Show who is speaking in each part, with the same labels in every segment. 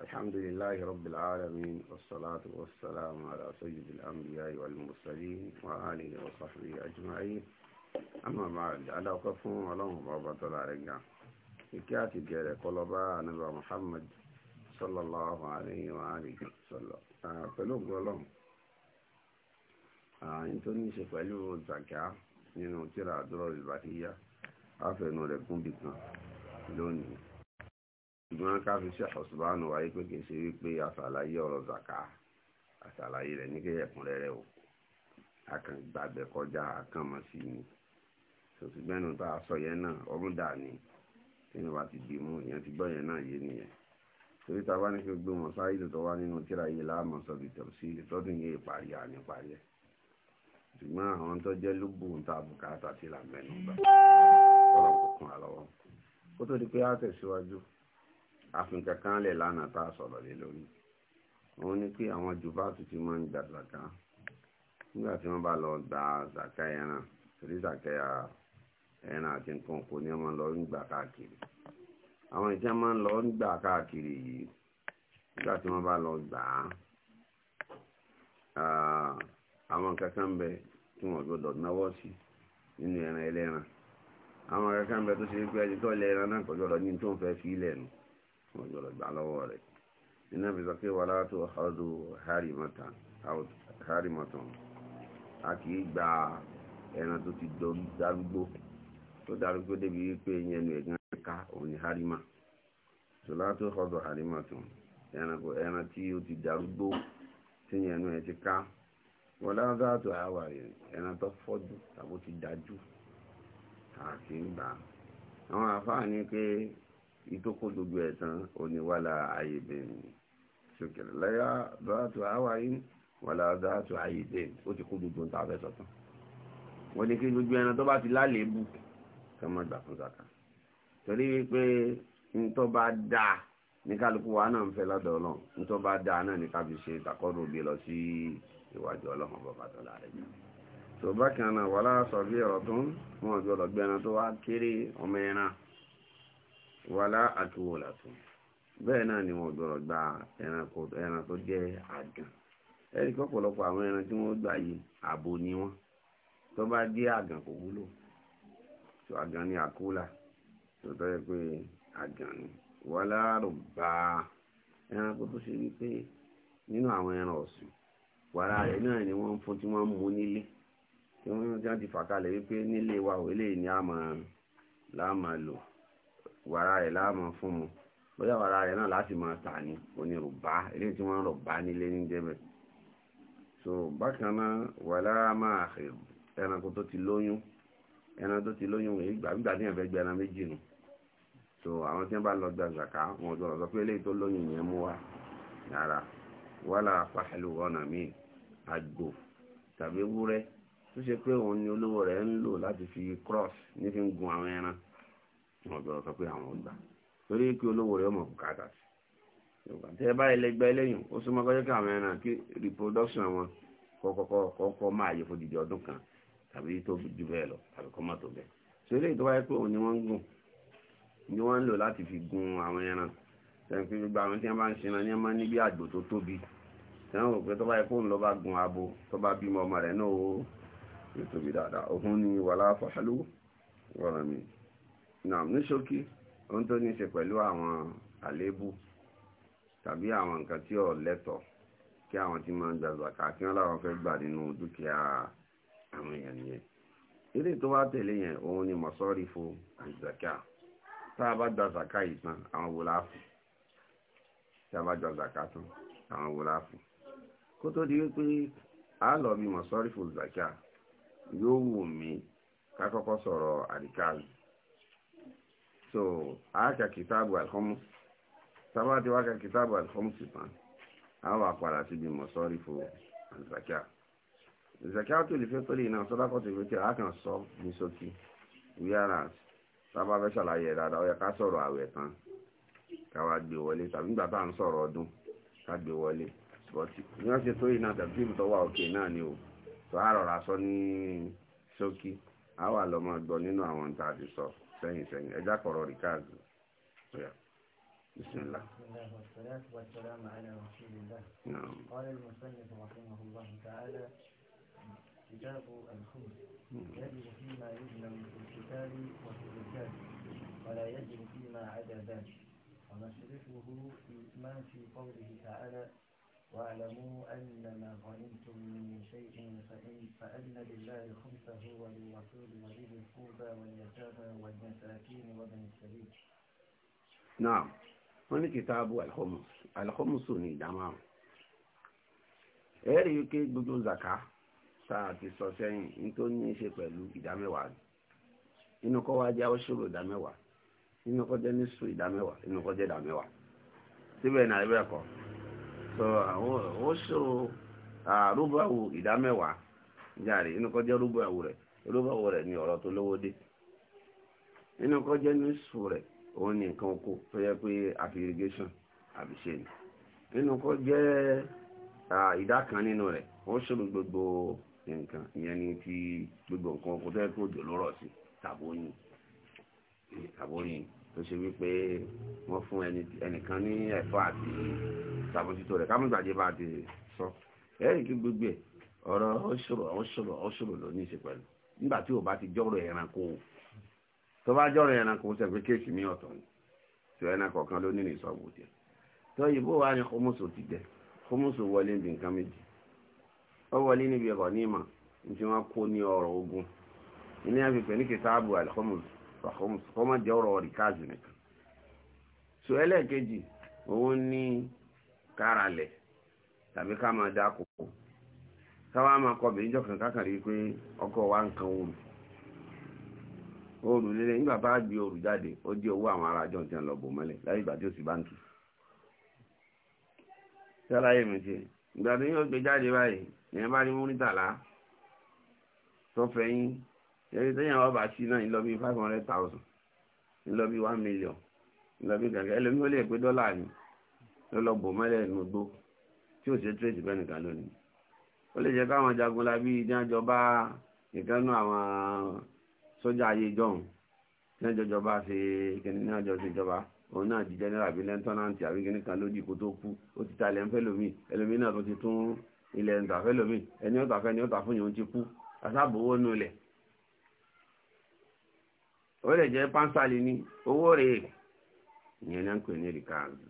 Speaker 1: الحمد لله رب العالمين والصلاة والسلام على سيد الأنبياء والمرسلين وآله وصحبه أجمعين أما بعد على قفهم اللهم وبركاته عليك إكاتي كيري قلبا نبي محمد صلى الله عليه وآله وسلم pẹ̀lú gbọ́lọ́m nítorí ní ṣe pẹ̀lú zaka nínú tíra àdúrà ìbàdíyà àfẹnú rẹ̀ ṣùgbọ́n ká fi ṣe àṣọ̀ṣùbánu wáyé pé kìí ṣe wípé aṣàlàyé ọ̀rọ̀ zaka aṣàlàyé rẹ̀ ní kéèyàn kúnrẹ́rẹ́ o akàn gbàgbẹ́ kọjá akàn mọ̀ sí ni ṣòṣùgbẹ́nu tá a sọ yẹn náà ọdún dà ní nínú wa ti dì mú ìyẹn ti gbọ́ yẹn náà yé nìyẹn torí ta bá ní kí gbé wọn sáyé tó wá nínú tíra yìí láàmú sọ bí tẹ̀sí tọ́dún yìí parí àní parí ẹ̀ ṣùgbọ́n àwọn tó jẹ́ lóbù ń ta bùkátà sí làmẹ́nu gbà ọ̀rọ̀ kọ̀ọ̀kan àlọ́wọ́ kó tó di pé á tẹ̀síwájú àfihàn lẹ̀ lánàá tá a sọ̀rọ̀ lé lórí wọ́n ní pé àwọn jùbáàtù ti máa ń gba zaka nígbà tí wọ́n bá lọ gba zaka ẹran torí zaka ẹran àti nǹkan kò ní ọmọ lọ ń gbà káàkiri àwọn ìjẹ́ máa ń lọ ń gbà káàkiri yìí nígbà tí wọ́n bá lọ gbà á ah, àwọn kankan bẹ tí wọ́n gbọ́dọ̀ náwó sí nínú ẹran ẹlẹ́ran àwọn kankan bẹ tó ṣe pé ẹni tó lẹ́ran náà kọjọ́ lọ ní tó ń fẹ́ fi lẹ́nu wọ́n jọ lọ gbà lọ́wọ́ rẹ̀ iná fi sọ pé wà látò ọdún harimatan a kì gba ẹran tó ti darúgbó tó darúgbó débi wípé yẹnu ẹ̀gán ká òun ni harima tó látò ọdún harimatan ẹran tí ó ti darúgbó tí yẹnu ẹ̀ ti ká wọ́n látò àtò àwàrí ẹran tó fọ́jú tàbó ti dájú a kì í gbà àwọn àfáà ní pé ìtókò gbogbo ẹ̀tàn oníwàlà àyèbẹ̀rẹ̀ ṣòkèrè lẹ́yà dáàtò àwáyé wàlà dáàtò àyèbẹ̀ ó ti kó gbogbo nta fẹ́ sọ̀tàn wọ́n ní kí gbogbo ẹran tó bá ti lálébù ká má gbà fún zaka torí wípé ntọ́ bá dáa ní kálukú wa náà ń fẹ́ lọ́dọ̀ ọlọ́run nítorí bá dáa náà ní kábí ṣe ìtàkọ́rọ̀ òbí lọ sí ìwájú ọlọ́run bàbá tó láàrẹ̀ jù tó bákan náà wà láàṣọ bí ọ̀rọ̀ tó ń wọn ò gbọdọ̀ tó wá kéré ọmọ ẹran wàlá àti wòlà tó bẹ́ẹ̀ náà ni wọ́n gbọ́dọ̀ gba ẹran tó jẹ́ àgàn ẹ̀rí pọ̀pọ̀lọpọ̀ àwọn ẹran tí wọ́n gbà yìí àbò ni wọ́n tó bá dé àgàn kò wúlò tó àgàn ni àkúlà tó tọ́ yẹ pé àgàn ni wàlá rògbà ẹran tó tó ṣe wípé nínú àwọn ẹran ọ̀sìn wàrà rẹ̀ náà ni wọ́n ń fún tí wọ́n ń mú nílé tí wọ́n ti fàkalẹ̀ wípé nílé wa ò eléyìí ni a máa lò wàrà rẹ̀ láàmú fún mu bóyá wàrà rẹ̀ náà láti máa tà ní onírùbá eléyìí tí wọ́n ń rọ̀bá nílé ní jẹ́bẹ̀ so bákan náà wà lára máa ẹranko tó ti lóyún ẹran tó ti lóyún ìgbà gbígbà tí yẹn fẹ́ gbẹ ẹran méjì nù so àwọn tí wọ́n bá lọ gba zaka wọn ò dọ̀rọ̀ sọ pé eléyìí tó lóyún yẹn mú wa yàrá wàlà pàṣẹlú ọ̀nà míì àgbò tàbí ewúrẹ́ tó ṣe pé òun ni olówó rẹ̀ ń lò láti fi cross ní fi ń gun àwọn ẹran tí wọ́n gbọ́dọ̀ sọ pé àwọn ọgbà torí kí olówó rẹ̀ ọmọ bùkátà sí yorùbá tẹ́ ẹ báyìí lẹ́gbẹ́ lẹ́yìn ó súnmọ́ kọjá kí àwọn ẹran kí reproduction wọn kọ́kọ́kọ́ kọ́kọ́ máa yẹ fún dìde ọdún kan tàbí tó ju bẹ́ẹ̀ lọ tàbí kọ́ má tó bẹ́ẹ̀ so eléyìí tó wáyé pé òun ni wọ́n ń gùn ni wọ́n ń lò láti fi gun àwọn ẹran tẹ̀sí gbogbo àwọn tí wọ́n bá ń ṣe náà ní ọmọ níbi àgbò tó tóbi tẹ̀wọ́n rò pé tó bá yẹ abo tó bá bímọ ọmọ rẹ̀ náà ó tóbi dáadáa òun ni wàhálà fàṣálù wọ́n rẹ̀ mi náà ní ṣókí ohun tó ní ṣe pẹ̀lú àwọn àléébù tàbí àwọn nǹkan tí ò lẹ́tọ̀ọ́ kí àwọn tí máa ń gba zaka kí wọ́n láwọn fẹ́ gbà nínú dúkìá àwọn èèyàn nìyẹn ilé tó wá tẹ̀lé yẹn òun ni mọ̀sọ́rí fún àzàkà tá a bá gba zaka yìí tán àwọn wò láàfù tí a bá gba tán àwọn wò láàfù kó tó di wípé a lọ bí mọ̀sọ́rí fún àzàkà yóò wù mí ká kọ́kọ́ sọ̀rọ̀ àdìkáàlì so àákà kìtàbù alhomus sábà tí wákà kìtàbù alhomus tán àwọn àpàdà sí bí mọ̀sọ́rí fún àzàkíà ìzàkíà tó lè fẹ́ tó lè iná sọ́dákọ̀ tó lè fẹ́ àákàn sọ ní sókí wíyára sábà fẹ́ ṣàlàyé dáadáa ó yẹ ká sọ̀rọ̀ àwẹ̀ tán káwa gbé wọlé tàbí nígbà tá à ń sọ̀rọ̀ ọdún ká gbé wọlé bọ́tì ní wọ́n ṣe tó iná tàbí tí ìbùtọ́ wà òkè náà ni o tó àrọ̀rà sọ ní sókí àwa lọ́mọ gbọ́ nínú àwọn tá a ti sọ. sẹ́yìn sẹ́yìn ẹja kọ̀rọ̀ rí ọ̀yà bisimilá. والصلاة والسلام على رسول الله نعم. قال المصنف رحمه الله تعالى كتاب الخمس يجب فيما يذنب في الكتاب وفي الرجال ولا يجب فيما عدا ذلك ومصرفه ما في قوله تعالى واعلموا أن ما ظننتم من شيء فإن فأن لله خمسه وللرسول ولذي القربى واليتامى والمساكين وابن السبيل. نعم. wọ́n ní kìtàbù alhomus alhomusu ní ìdámá ẹ̀rí wípé gbogbo zaka sáà ti sọ sẹ́yìn ní tó ní í ṣe pẹ̀lú ìdámẹ́wàá inú kọ́ wá jẹ́ ìdámẹ́wàá inú kọ́ jẹ́ nísù ìdámẹ́wàá inú kọ́ jẹ́ ìdámẹ́wàá síbẹ̀ náà ẹ̀rẹ́ kọ́ sọ àwọn ó ṣòro àrúbáwò ìdámẹ́wàá járe inú kọjá rúbáwò rẹ̀ rúbáwò rẹ̀ ni ọ̀rọ̀ tó lówó dé inú kọjá níṣù rẹ̀ òun ni nǹkan oko tó yẹ pé àfi irrigation àbí ni inú kọjá ìdá kan nínú rẹ̀ ó ṣòro gbogbo nǹkan ìyẹn ni ti gbogbo nǹkan oko tó yẹ kó dò lórọ̀ sí tàbóyìn tàbóyìn tó ṣe wípé wọ́n fún ẹnìkan ní ẹ̀fọ́ àti ìṣàmójútó rẹ̀ ká mọ̀gbàjẹ́ bá ti sọ ẹ̀rì kí gbogbo ẹ̀ ọ̀rọ̀ ọ̀ṣọ̀rọ̀ ọ̀ṣọ̀rọ̀ ọ̀ṣọ̀rọ̀ ló ní í ṣe pẹ̀lú nígbà tí ò bá ti jọ́rọ̀ ẹranko tó bá jọ́rọ̀ ẹranko ṣe pé kéèsì mi ọ̀tọ̀ ni tí ẹranko kan ló nínú ìsọ̀bù tiẹ̀ tó ìbò wa ni kọ́mọ́sọ ti jẹ kọ́mọ́sọ wọlé níbi nǹkan méjì ó wọlé níbi ẹ̀kọ́ ní ìmọ̀ ní tí wọ́n kó ní ọ̀rọ̀ ogun ilé àfihàn ní kìtàbù àlùkọ́mọ́sọ kọ́mọ̀jẹ́ ọ̀rọ̀ ọrụ nìkan so ẹlẹ́ẹ̀kejì òun ní káralẹ̀ tàbí ká máa dáko káwá máa kọ ma jọkàn kákàrí pé wa ń kan òòrùn òòrùn líle nígbà bá gbé jáde ó dé owó àwọn ará àjọ nǹkan lọ bò mọ́lẹ̀ láyé ìgbà tí ó sì bá ń tù mi ìgbà tí yóò gbé jáde báyìí ìyẹn ṣẹ́rí tẹ́yìn àwọn ọba sí náà ń lọ bí five hundred thousand ń lọ bí one million ń lọ bí gàgà ẹlòmí ó lè pé dọ́là ni lọ́lọ́bù mẹ́lẹ̀ nù gbó tí ò ṣe tírèsì bẹ́ẹ̀ nìkan lónìí ó lè jẹ́ káwọn jagunlabi ìdánjọba ìkànnù àwọn sójà ayé jọ̀hún tí wọ́n jọjọba ṣe kíní náà jọ ṣe jọba òun náà di general bíi lẹ́ńtọ́nàntì àbí kíní kan lódì kó tó kú ó ti ta ilẹ̀ ń fẹ́ lómi ẹlòmí náà tó ti tún ilẹ̀ ń tà fẹ́ lómi ẹni ó tà fẹ́ ni ó tà fún yòó ti kú àṣàbòwò nulẹ̀ ó lè jẹ́ pánsálì ní owó rẹ̀ ìyẹn náà ń pè ní rìkáàzù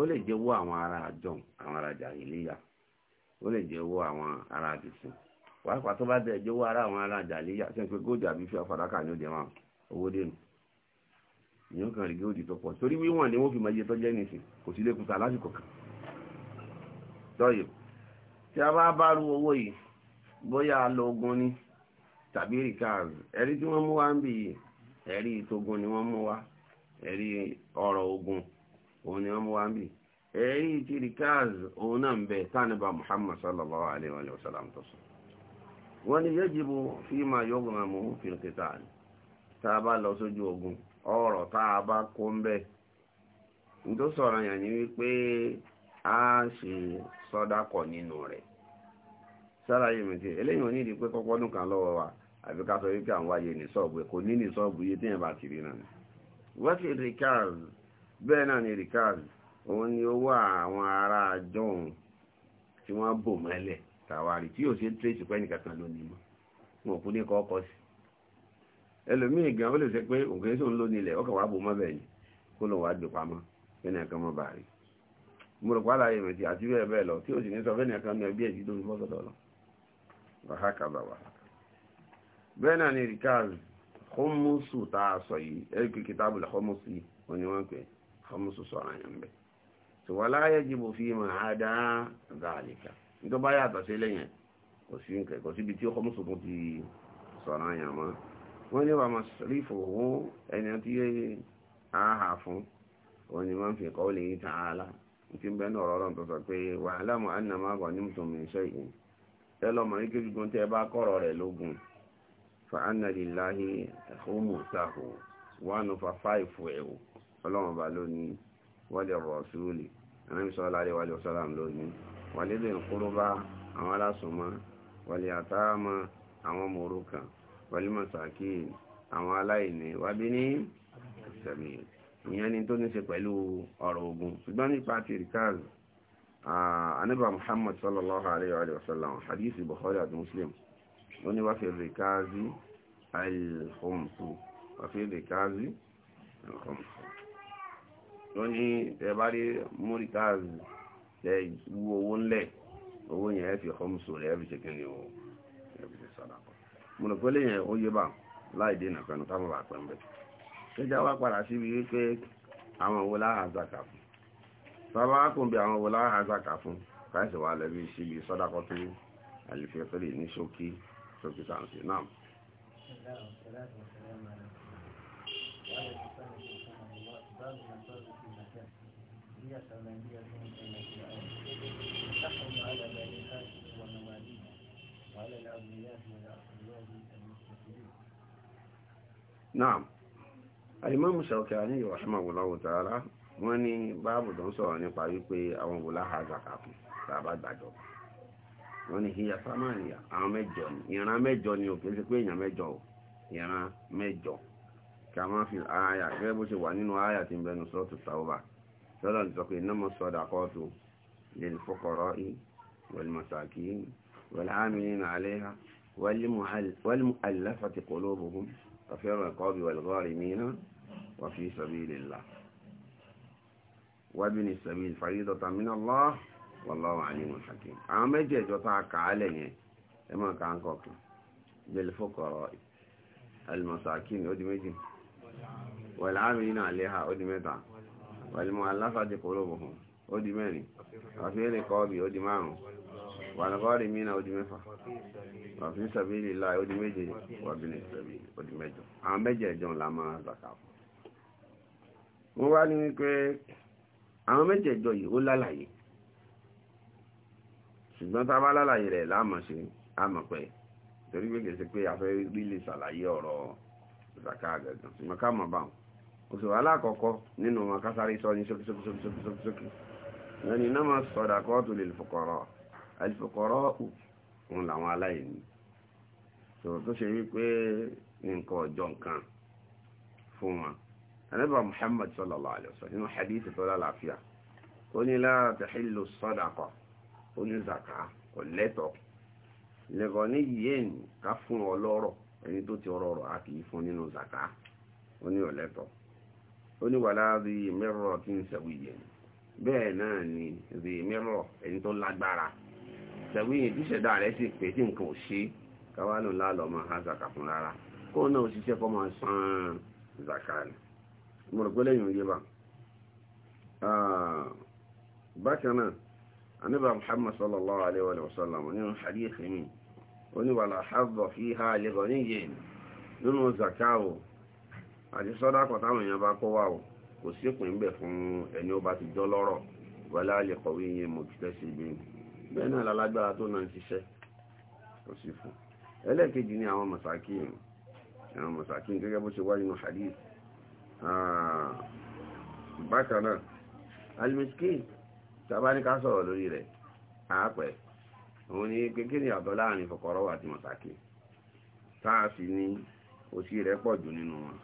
Speaker 1: ó lè jẹ́ owó àwọn ará àjọm àwọn ará jàhílíyà ó lè jẹ́ owó àwọn ará àdìsìn wàá tó bá bẹ̀ẹ́ jẹ́ owó ará àwọn ará jàhílíyà sẹ́ni pé góòdì àbí fíà fàdákà ni ó jẹ́ máa owó dènù ìyẹn kan rí góòdì tó pọ̀ torí wíwọ̀n ni wọ́n fi máa yẹ tó jẹ́ nìsín kò sí lẹ́kùn ta lásìkò kan tọ́yọ̀ tí a bá bá rú owó yìí bóyá lọ ogun ni tàbí rìkáàzù ẹ̀rí tí wọ́n mú wá ń bì yìí ẹ̀rí itogun ni wọ́n mú wa ẹ̀rí ọ̀rọ̀ ogun òun ni wọ́n mú wá ń bì ẹ̀rí tirikaz òun náà ń bẹ tánibà Muhammad sallallahu alayhi wa sallam tó sọ wọ́n ni ma yọ̀gùn àmú fil qital tá a bá lọ sójú ogun ọ̀rọ̀ tá a bá kó ń bẹ nítorí sọ̀rọ̀ yẹn ni wípé a ṣe sọ́dákọ̀ nínú rẹ̀ sára yìí mi ti eléyìí ní ìdí pé kọ́kọ́ àbí ká sọ wípé àwọn ayé ní sọ́ọ̀bù kò ní ní sọ́ọ̀bù yé téèyàn bá ti rí náà wọ́sí rikaz bẹ́ẹ̀ náà ni rikaz òun ni owó àwọn ará àjọun tí wọ́n bò mọ́lẹ̀ tàwárí tí yóò ṣe tírèsì pẹ́ nìkankan lónìí mọ́ wọn kú ní kọ́kọ́ sí ẹlòmíì gan ó lè sẹ pé òkè sóun ló nílẹ̀ ọkọ̀ wàá bò mọ́ bẹ́ẹ̀ ni kó lóun wàá gbé pamọ́ fẹ́ni ẹ̀kan mọ́ bàárí mo rò pàdà ìrètí àti bẹ́ẹ̀ bẹ́ẹ̀ lọ tí ó sì ní sọ fẹ́ni ẹ̀kan ní ẹbí ẹ̀jí lórí mọ́sọ̀dọ̀ lọ wàhákàbà wàhálà bẹ́ẹ̀ náà ni rikazi kọmọsù tá a sọ yìí ẹ̀kì kìtàbù lè kọmọsù yìí wọ́n ni wọ́n pè kọmọsù sọ̀rọ̀ àyàn bẹ́ẹ̀ tí wọ́n láyé jìbò fi mà á dá zàlìkà nítorí bá yàtọ̀ sí lẹ́yìn kò sí nǹkan kò síbi tí kọmọsù tó ti sọ̀rọ̀ àyàn mọ́ wọ́n ní wàá masrífò owó ẹni tí a hà fún wọ́n kọ́ lè ta á ti bẹ́ẹ̀ ní ọ̀rọ̀ tó sọ pé wàhálà mọ́ ànàmọ́ ní mùsùlùmí ṣẹ́yìn ẹ lọ́mọ fàánà lìláhì ẹ̀hómùsáhù wánú fàfá ìfò ẹ̀wò ọlọ́run bá lónìí wọ́lé rọ̀súlì ẹ̀rẹ́mísọ́lá rẹ̀ wálé ọ̀sọ́làm lónìí wálé lè kúrúbá àwọn alásùnmọ́ wálé àtàmà àwọn mòrukàn wálé mọ̀sàkì àwọn aláìní wábí ní ìsẹ̀mí ìyẹn ni tó ní ṣe pẹ̀lú ọ̀rọ̀ ogun ṣùgbọ́n nípa ti ríkàlù anábà muhammad sallallahu alayhi wa sallam hadith bukhari àti muslim ó ní wáfẹ́ rìkáàzí àìlhomsu wáfẹ́ rìkáàzí àìlhomsu ó ní ẹ̀bá rí múríkáàzí tẹ wú owó ńlẹ̀ owó yẹn fi homsu rẹ̀ fi ṣe kíni o ẹ̀bí ṣe sọ́dà pọ̀ mo rò pé lẹ́yìn ó yé bá láì dènà pẹ̀lú táwọn bá pẹ̀ ń bẹ̀ kẹjá wá padà síbi wípé àwọn wo láhà zaka fún sábà kùn bí àwọn wo láhà zaka fún káìsì wà lẹ́bí síbi sọ́dà kọ́tún àlìfẹ́ pẹ̀lú ní ṣókí sókè sáǹsì náà. Naam. Al-Imam Shawkani rahimahullahu ta'ala wọ́n ní báàbù tó ń sọ̀rọ̀ nípa wípé àwọn wòlá ha zàkà fún tàbá gbàjọba wọ́n ní hiya samaniya àwọn mẹ́jọ ni ìran mẹ́jọ ni ò kìí ṣe pé èèyàn mẹ́jọ o ìran mẹ́jọ kí a máa fi ààyà gẹ́gẹ́ bó ṣe wà nínú ààyà tí ń bẹnu sọ́ọ̀tù tàwọ́bà sọ́dọ̀ ti sọ pé innamas sadaqatu lil fuqara'i wal masakin wal amilina 'alayha wal mu'allafati qulubuhum wa fi riqabi wal gharimina wa fi sabilillah wa ibni sabil faridatan min Allah wallahu alimun hakim àwọn mẹ́jẹ̀ẹ̀jọ tá a kà á lẹ̀ yẹn ẹ máa kà ń kọ̀ọ̀kan bil fuqara al masakin ó di méjì wal amilina alaiha ó di mẹ́ta wal mu'allafati qulubuhum ó di mẹ́rin àfi èrè kọ́ọ̀bì ó di márùn-ún wal gharimina ó di mẹ́fà àfi sabilillah ó di méje wàbínà ìsàbí ó di mẹ́jọ àwọn mẹ́jẹ̀ẹ̀jọ la máa zàkà fún wọ́n wá ní wípé àwọn mẹ́jẹ̀ẹ̀jọ yìí ó lálàyé ṣùgbọ́n tá a bá lálàyé rẹ̀ láàmọ̀ ṣe àmọ̀ pé torí pé kèsì pé afẹ́ rí lè ṣàlàyé ọ̀rọ̀ zaka gẹ̀gàn ṣùgbọ́n ká mọ̀ bá wọn oṣù alákọ̀ọ́kọ́ nínú wọn ká sáré sọ ní ṣókíṣókíṣókíṣókí lẹ́ni iná máa sọ̀dà kọ́ọ̀tù lè fòkọ̀rọ̀ àìfòkọ̀rọ̀ òun làwọn aláìní tó ṣe wípé nǹkan ọjọ́ nǹkan fún wọn anábà Muhammad sallallahu alaihi wasallam nínú hadith tó lálàáfíà ó ní la tahillu sadaqa onízàká kò lẹ́tọ̀ lẹ́kọ̀ọ́ ní yéèn ká fún ọ lọ́rọ̀ ẹni tó ti ọrọ̀ rọ̀ a kì í fún nínú zàká ó ní ọ̀lẹ́tọ̀ ó ní wàlá rí mẹ́rọ̀ tí ń sẹ̀wí yẹn bẹ́ẹ̀ náà ni rí mẹ́rọ̀ ẹni tó lágbára sẹ̀wí yẹn tí ṣẹ̀dá rẹ̀ sì pé tí nǹkan ò ṣe káwánù lálọ́ máa ha zàká fún rárá kó náà ó ṣiṣẹ́ kó máa san zàká rẹ̀ mo rò pé lẹ́yìn òye bá bákan náà anábà muhammad sallallahu alaihi wa sallam nínú hadith mi oníwàlá hàbọ̀ fi ha lẹ́kọ̀ ní yẹn nínú zakawo àti sọ́dá kọ̀táwọn èèyàn bá kọ́ wà o kò sí ìpín ń bẹ̀ fún ẹni ó bá ti jọ lọ́rọ̀ wọlé àlẹ́kọ̀ wí yẹn mo ti tẹ́sí ibi bẹ́ẹ̀ náà lálágbára tó náà ń ṣiṣẹ́ kò sí fún ẹlẹ́ẹ̀kejì ni àwọn masakin àwọn masakin gẹ́gẹ́ bó ṣe wá nínú hadith ah, bákan náà almiskin tàbá ní ká sọ̀rọ̀ lórí rẹ̀ àápẹ́ òun ni kékeré ní àtọ́ láàrin fọkọrọ́wà àti mọ̀sákì táàfì ní òsì rẹ̀ pọ̀ jù nínú wọn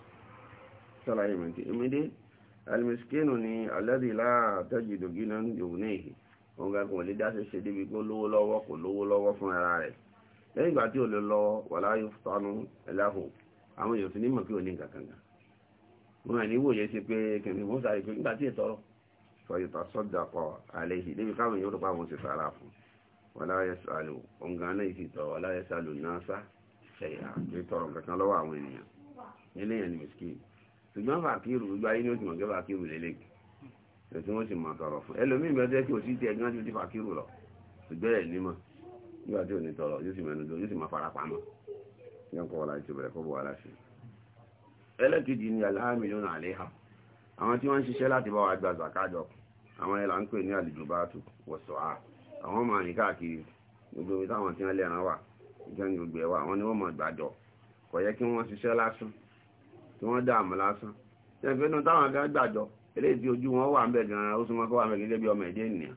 Speaker 1: sọ́láyé mẹ́tí ìmídé alimiskinu ni alẹ́dì látẹ́jì dògínà yòónéhì òun gẹ́gùn lè dá ṣe ṣe débi kó lówó lọ́wọ́ kò lówó lọ́wọ́ fún ara rẹ̀ lẹ́yìn ìgbà tí ò lè lọ wà láyé fánú ẹlẹ́hùn àwọn èèyàn ti ní mọ̀ kí ò ní nǹkan kan gan wọn àníwò yẹ ṣe pé kìnnìún sáré pé tí ètò ọ̀rọ̀ fọyìntà sọ́dàkọ̀ àlẹ́hì níbi káwọn yóò rọpa àwọn òṣèṣà ara fún wàláyẹsàlù ọ̀ngàn náà ìfìtọ̀ wàláyẹsàlù náà sá ṣẹ̀yà tó tọrọ kankan lọ́wọ́ àwọn ènìyàn nílé yẹn ni miskin ṣùgbọ́n fàkírù gbogbo ayé ni ó ti mọ̀ gẹ́gẹ́ fàkírù lélẹ̀ tí wọ́n sì mọ̀ tọrọ fún ẹlòmíì mẹ́tẹ́ kí o sì tiẹ̀ gán ti di fàkírù lọ ṣùgbọ́n ẹ̀ nímọ̀ nígbà tí ò ní tọrọ yóò sì àwọn tí wọ́n ń ṣiṣẹ́ láti bá wa gba zakajọ àwọn ẹ̀là ń pè ní àlejò bá tù wọ̀sọ̀ à àwọn ọmọ àrìn káàkiri gbogbo ibi táwọn tí wọ́n lẹ́ran wà ìjọni gbogbo ẹ̀wà àwọn ni wọ́n mọ̀ gbàjọ kò yẹ kí wọ́n ṣiṣẹ́ lásán kí wọ́n dààmú lásán ṣẹ́fẹ́ inú táwọn akẹ́ gbàjọ eléyìí tí ojú wọn wà ń bẹ̀ gan-an ó súnmọ́ kó wà ń bẹ̀ gẹ́gẹ́ bí ọmọ ẹ̀dẹ́ ènìyàn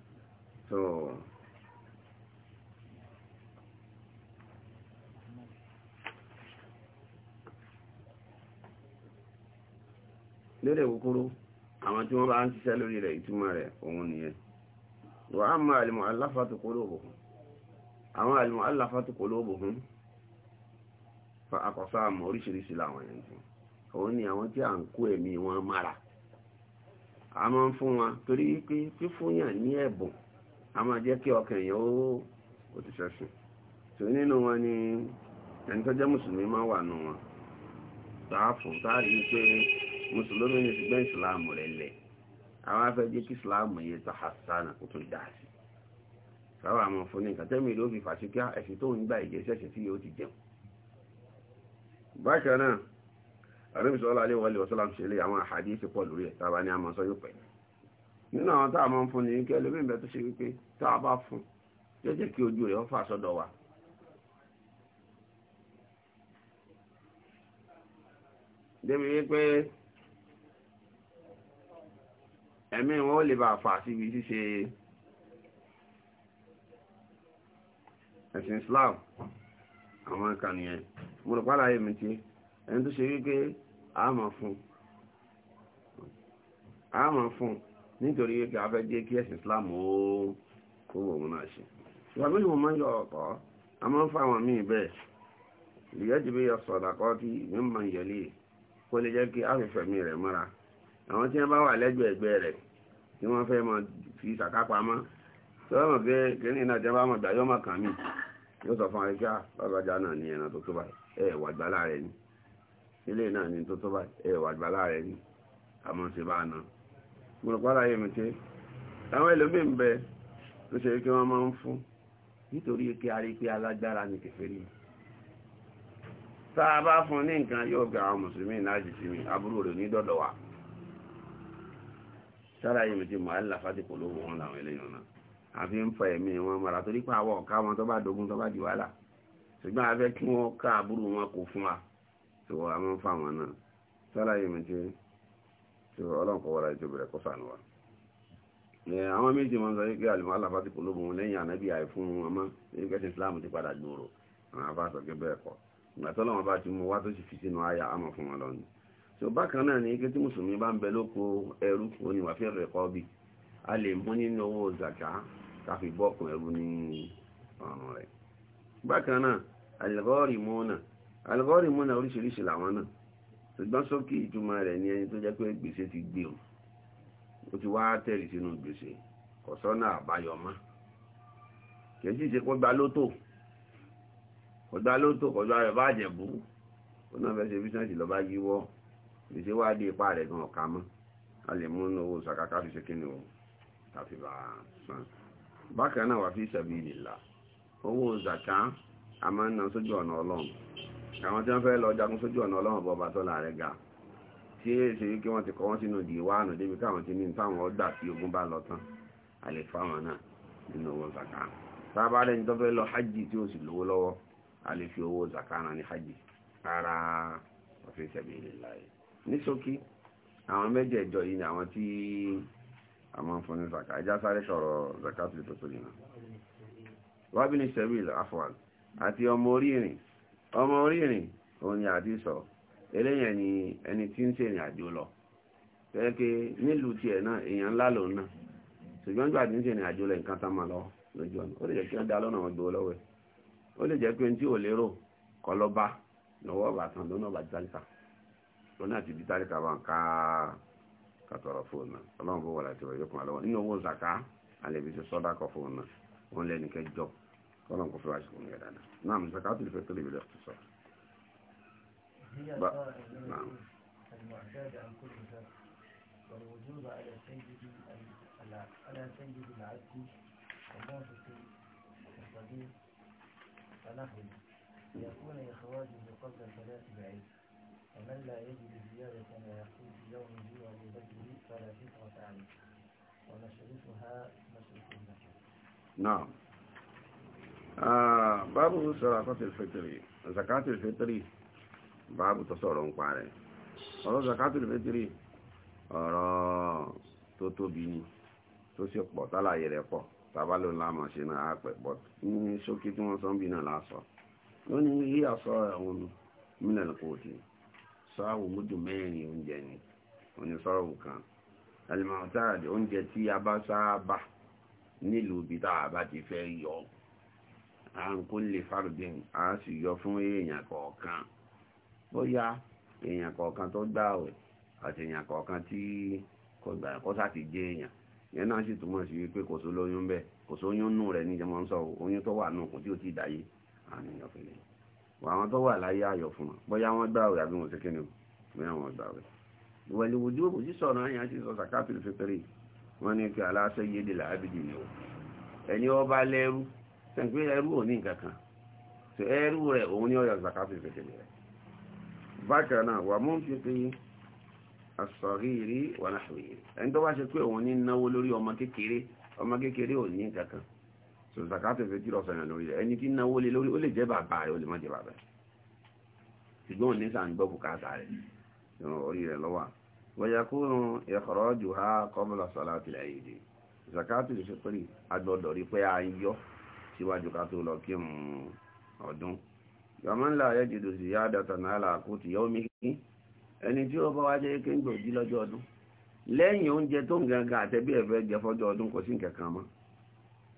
Speaker 1: lórí kúkúrú àwọn tí wọ́n bá ń ṣiṣẹ́ lórí rẹ̀ ìtumọ̀ rẹ̀ òun nìyẹn wà á máa àlìmọ̀ aláfàtò àwọn àlìmọ̀ aláfàtò fa àkọsá àmọ̀ oríṣiríṣi làwọn yẹn tí òun ni àwọn tí à ń kó ẹ̀mí wọn mára a máa ń fún wọn torí pé fífúnyàn ní ẹ̀bùn a máa jẹ́ kí ọkàn yẹn ó òtítọ́ sí tó nínú wọn ni ẹni tó jẹ́ mùsùlùmí máa wà nù mùsùlùmí ni ṣùgbọ́n ìsìláàmù rẹ̀ lẹ̀ àwọn afẹ́jẹ́ kí ìsìláàmù yẹ ta hasana kó tó dáa sí sáwọ́ àmọ́ fún ní nǹkan tẹ́mi ló fi fàṣí kí ah, ẹ̀sìn tó ń gbà ìjẹ́ sẹ́sẹ̀ tí yóò ti jẹun bákan náà àrẹ́bí sọ́lá alẹ́ wọlé wọ́sọ́lá ṣe lé àwọn àhàdí sí pọ̀ lórí ẹ̀ tábà ní àmọ́ sọ́yọ́ pẹ̀ nínú àwọn tá a máa fún ní kí ẹlòmíì bẹ́ẹ̀ tó ṣe wípé tá a bá fún yóò kí ojú rẹ̀ ó fà sọ́dọ̀ wa débi wípé ẹ̀mí wọn ó lè bá fà síbi ṣíṣe ẹ̀sìn Islam àwọn ìkànnìyàn mo rò pàdà yẹ̀mí tí ẹni tó ṣe wípé àmọ̀ fún àmọ̀ fún nítorí wípé afẹ́ jẹ́ kí ẹ̀sìn Islam ó kó òun náà ṣe ìwà bí mo máa ń yọ ọ̀tọ̀ a máa ń fa àwọn míì bẹ́ẹ̀ ìyẹ́jì bí yọ sọ̀dàkọ́ tí mímọ̀ yẹlé kó lè jẹ́ kí afẹ́fẹ́ mi rẹ̀ mọ́ra àwọn tí wọ́n bá wà lẹ́gbẹ̀ẹ́gbẹ́ rẹ̀ tí wọ́n fẹ́ máa fi ṣàkápamọ́ tí wọ́n mọ̀ pé náà bá sọ fún ah, àríkà náà ní tó tó báyìí ẹ wà gbà láàrẹ ni ilé náà ní tó tó báyìí ẹ wà gbà láàrẹ ni ṣe bá na pàdà mi ṣe àwọn ẹlòmíín bẹ tó ṣe kí máa ń fún nítorí kí a rí pé alágbára ni kèfèrí tá a bá fún ní nǹkan yóò àwọn mùsùlùmí náà wa sára yìí mi ti mọ̀ àlà fàtí kò lówó wọn làwọn eléyìí náà àfi ń fa ẹ̀mí wọn mara torí pé àwọn ọ̀ka wọn tó bá dogun tó bá di wàhálà ṣùgbọ́n a fẹ́ kí wọ́n ká àbúrò wọn kò fún wa tó a máa ń fa wọn náà sára yìí mi ti tó ọlọ́run kọ́ wọlé tó bẹ̀rẹ̀ kó sànù wa. àwọn méjì wọn sọ pé àlùmọ́ àlà fàtí kò lówó wọn lẹ́yìn ànábì àìfún wọn mọ́ ẹgbẹ́sìn Islam ti padà gbòòrò àwọn afáàsọ̀ gẹ́gẹ́ bẹ́ẹ̀ kọ́ ìgbà tó lọ́wọ́ bá ti mú wá tó sì fi sínú àyà àmọ̀ fún wọn lọ́nìí so bákan náà ní kí tí mùsùlùmí bá ń bẹ lóko ẹrú kò ní wàfẹ́ rẹ̀ bí a lè mú nínú owó zaka káfí bọ́kùn ẹrú ní ọ̀rùn rẹ̀ bákan náà alìgọ́rì múnà alìgọ́rì múnà oríṣiríṣi làwọn náà ṣùgbọ́n sókè ìtumọ̀ rẹ̀ ní ẹni tó jẹ́ pé gbèsè ti gbé o ó ti wá tẹ̀rì sínú gbèsè kò sọ́nà àbáyọ kì í sì ṣe kó gba lótò kó ìṣe wá dé ipá rẹ̀ gan ọ̀ka mọ́ a lè mú ní owó sàkáká fi ṣe kí ni o tàfi bá san bákan náà wà fi sabilillah owó zàká a máa ń na sójú ọ̀nà ọlọ́run àwọn tí wọ́n fẹ́ lọ jagun sójú ọ̀nà ọlọ́run bọba tó láàrẹ̀ ga tí èyí ṣe wípé wọ́n ti kọ́ wọ́n sínú dìwáànù débi káwọn ti ní táwọn ọgbà tí ogun bá lọ tán a lè fáwọn náà nínú owó zàká tábà rẹ̀ ní tó fẹ́ lọ hajj tí ó sì lówó lọ́wọ́ a lè fi owó zàká náà ní hajj rárá wa fi sabilillah ní ṣókí àwọn mẹ́jẹ̀ẹ̀jọ yìí ni àwọn tí a máa ń fún ní zaka ẹjá sáré sọ̀rọ̀ zakatul fitri náà wábìnrin sẹ́bìl afọ́wàl àti ọmọ orí ọmọ orí òun ni àti sọ eléyìn ni ẹni tí ń ṣe ìrìn àjò lọ pẹ́ẹ́kẹ́ nílùú tiẹ̀ náà èèyàn ńlá lòun náà ṣùgbọ́n gbà tí ń ṣe ìrìn àjò lẹ̀ nǹkan tá máa lọ lójú ọ̀nà ó lè jẹ́ kí wọ́n dá lọ́nà wọn gbowó lọ́wọ́ ó lè jẹ́ pé ohun tí ò lérò kọ́ lọ́ bá lọ́wọ́ bàtàn lọ́nà bàtàlíkà lọ́nà àti dítàrí kaba ká kàtọ̀rọ̀ fóònù náà ọlọ́run bó wọlé àti ìwọ̀nyẹ́kùn àlọ́wọ́ nínú owó zaka alẹ́bí ṣe sọ́dá kọ fóònù náà wọ́n lẹ́nu kẹjọ ọlọ́run kò fi wá ṣùgbọ́n yẹn dáadáa náà mo zaka tó fẹ́ tó lè bí lọ́sọ̀ sọ. يكون إخراجه قبل ثلاث بعيد ومن لا يجد زيادة ما يحصل في يومه وفي بدره فلا فكرة عنه ومشرفها مشرف النفس نعم باب صدقة الفطر زكاة الفطر باب تصور قارئ ọ̀rọ̀ zakatul fitri ọ̀rọ̀ tó tóbi ni tó sì pọ̀ tálàyé rẹ̀ pọ̀ tàbá ló lámà ṣe náà á pẹ̀ pọ̀ ní ṣókí tí wọ́n sọ ń bí náà lásọ lónìí yí àsọ ẹ̀wọ̀n mílẹ̀ kóòtù sáàwù múdù mẹ́rin oúnjẹ ni oní sáàwù kan alimọ̀táàdì oúnjẹ tí a bá sáábà nílùú bí tá a bá ti fẹ́ yọ à ń kó lè fárúdín a sì yọ fún èèyàn kọ̀ọ̀kan bóyá èèyàn kọ̀ọ̀kan tó gbààwẹ̀ àti èèyàn kọ̀ọ̀kan tí kò gbà kó sá ti jẹ èèyàn yẹn náà sì túmọ̀ sí wípé kò só lóyún bẹ́ẹ̀ kò sóyún nù rẹ̀ níjẹ́ mọ́ ń sọ oyún tó wà nù kò tí ò tí ì dáyé àníyàn fẹ́lẹ́ yìí. àwọn tó wà láyé ayọ fún wọn bóyá wọ́n gbààwẹ̀ àbí wọn o ìwẹ̀lì ojú àyà sọ wọn ni kí aláṣẹ yéde làábìdì ni o ẹni ọba lẹ́rú tẹ̀gbé ẹrú ò ní nǹkan kan tó ẹrú rẹ̀ òun ni ọyọ sàkáfìlì fẹ́fẹ́rẹ́ rẹ̀ bákan náà wà mú wà náà ẹni tó ṣe pé lórí ọmọ kékeré ọmọ kékeré ò ní kan so zakato fitr ọ̀sán yàn lórí rẹ̀ ẹni tí náwó lé lórí ó lè jẹ́ bàbá rẹ̀ ó lè má jẹ́ bàbá rẹ̀ ṣùgbọ́n ní sàn gbọ́ bùkátà rẹ̀ ìran orí rẹ̀ lọ́wà wọ́yàkúrún ìkọ̀rọ̀jù ha kọ́mọlá sọ́láti lẹ́yìnjì zakato ṣe pẹ́rì agbọ́dọ̀ rí pé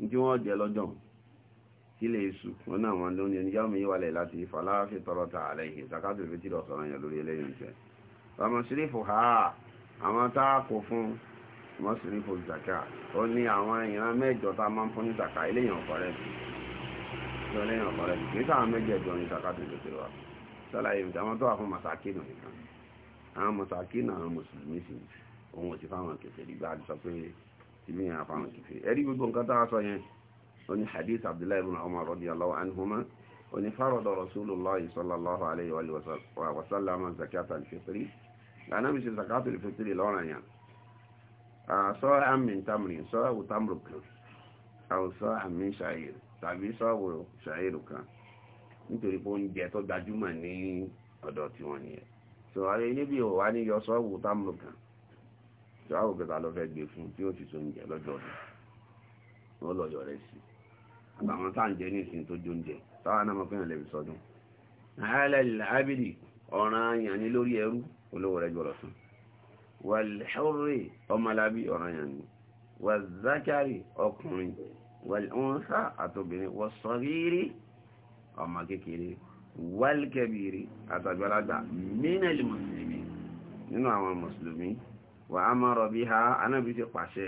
Speaker 1: tí wọ́n jẹ lọ́jọ́ sílé iṣu wọn náà wọn lóní ẹni yáwọn yíwa lẹ̀ láti fàláàfẹ́ tọrọta ààrẹ ìhìn sàkátù fi tí lọ́sọ̀rọ̀ yẹn lórí eléyìn jẹ́ ọmọsírífò ha àwọn táàkò fún ọmọsírífò zaka ó ní àwọn ìran mẹ́jọ tá a máa ń fún ní zaka eléyìn ọ̀kọ̀rẹ́ tí eléyìn ọ̀kọ̀rẹ́ tí kì í sáwọn mẹ́jẹ̀ẹ̀jọ ní sàkátù fi tí lọ́wọ́ sọ́láyé mi àwọn tó wà fún masakínù nìkan àwọn masakínù àwọn mùsùlùmí sì òun ò ti fáwọn kẹfẹ́ ìmí àfàwọn kìfì ẹ̀rí gbogbo nǹkan tá a sọ yẹn ó ní hadith abdullahi ibn umar radiyallahu anhuma ó ní farada rasulullah sallallahu alayhi wa sallam zakat al-fitri lànà mi ṣe zakat al-fitri lọ́rọ̀ yẹn sọ àmì tamrin sọ àwù tamru kan àwọn sọ àmì ṣàyè tàbí sọ àwù ṣàyè kan nítorí pé oúnjẹ tó gbajúmọ̀ ní ọ̀dọ̀ tiwọn nìyẹn sọ àyè níbi ìwà ní yọ sọ àwù tamru kan tí wàá òkè ta lọ fẹ́ gbé fún tí ó sì so oúnjẹ lọ́jọ́ ọ̀dọ̀ wọn lọ yọ rẹ sí àtàwọn tá à ń jẹ ní ìsìn tó jóúnjẹ táwa náà mọ pé ìrìnlẹ̀ fi sọdún ààlẹ́ àbílì ọ̀ràn àyàn ni lórí ẹrú olówó rẹ gbọ́dọ̀ sùn wàlẹ́hórè ọmọlábí ọ̀ràn àyàn ni wàzákàrí ọkùnrin wàlẹ́hónsá àtòbìnrin wọ́sọ̀rírí ọmọ kékeré wàlẹ́kẹ̀bìrì àtàgbàlagbà mínẹ́lì nínú àwọn mùsùlùmí wà á máa rọ̀bí ha anábì ti pàṣẹ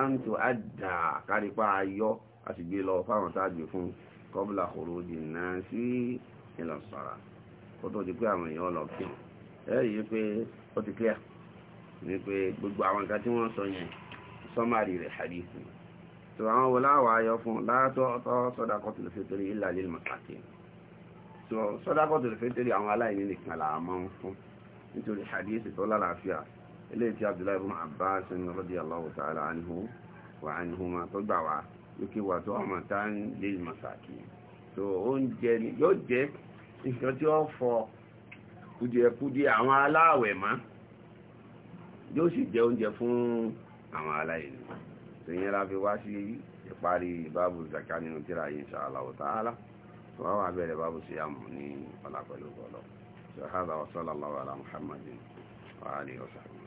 Speaker 1: àǹtò àdà kárípa ayọ́ àti gbé lọ fáwọn táàgbé fún kọ́bùlà kòrò dìnnà sí ìlọ̀sọ̀rà kó tó di pé àwọn èèyàn lọ kí wọn ẹ̀rí yìí pé ó ti clear ní pé gbogbo àwọn nǹkan tí wọ́n sọ yẹn sọ́márì rẹ̀ hadith tó àwọn wo láwàá ayọ́ fún látọ́ ọ̀tọ́ sọ́dákọ́tù lè fi torí lè mọ̀kàtì sọ́dákọ́tù lè fi àwọn aláìní nìkan làá máa fún nítorí hadith tó lálàáfíà eléyìí tí abdullahi ibn abbas radiyallahu ta'ala anhu wa anhuma tó gbà wá wípé wà tó ọmọ tá ń lè mọ̀sàkì tó oúnjẹ yóò jẹ́ nǹkan tí ó fọ kùdìẹ̀kùdìẹ àwọn aláàwẹ̀ mọ́ yóò sì jẹ oúnjẹ fún àwọn aláìní tẹ̀yìn la fi wá sí ìparí báàbù zaka nínú tíra yìí insha Allah ta'ala tó wá wà bẹ̀rẹ̀ báàbù siyam ní ọ̀là pẹ̀lú ọ̀lọ́ sọ̀hádà wa sallallahu ala muhammadin wa alihi wa sahbihi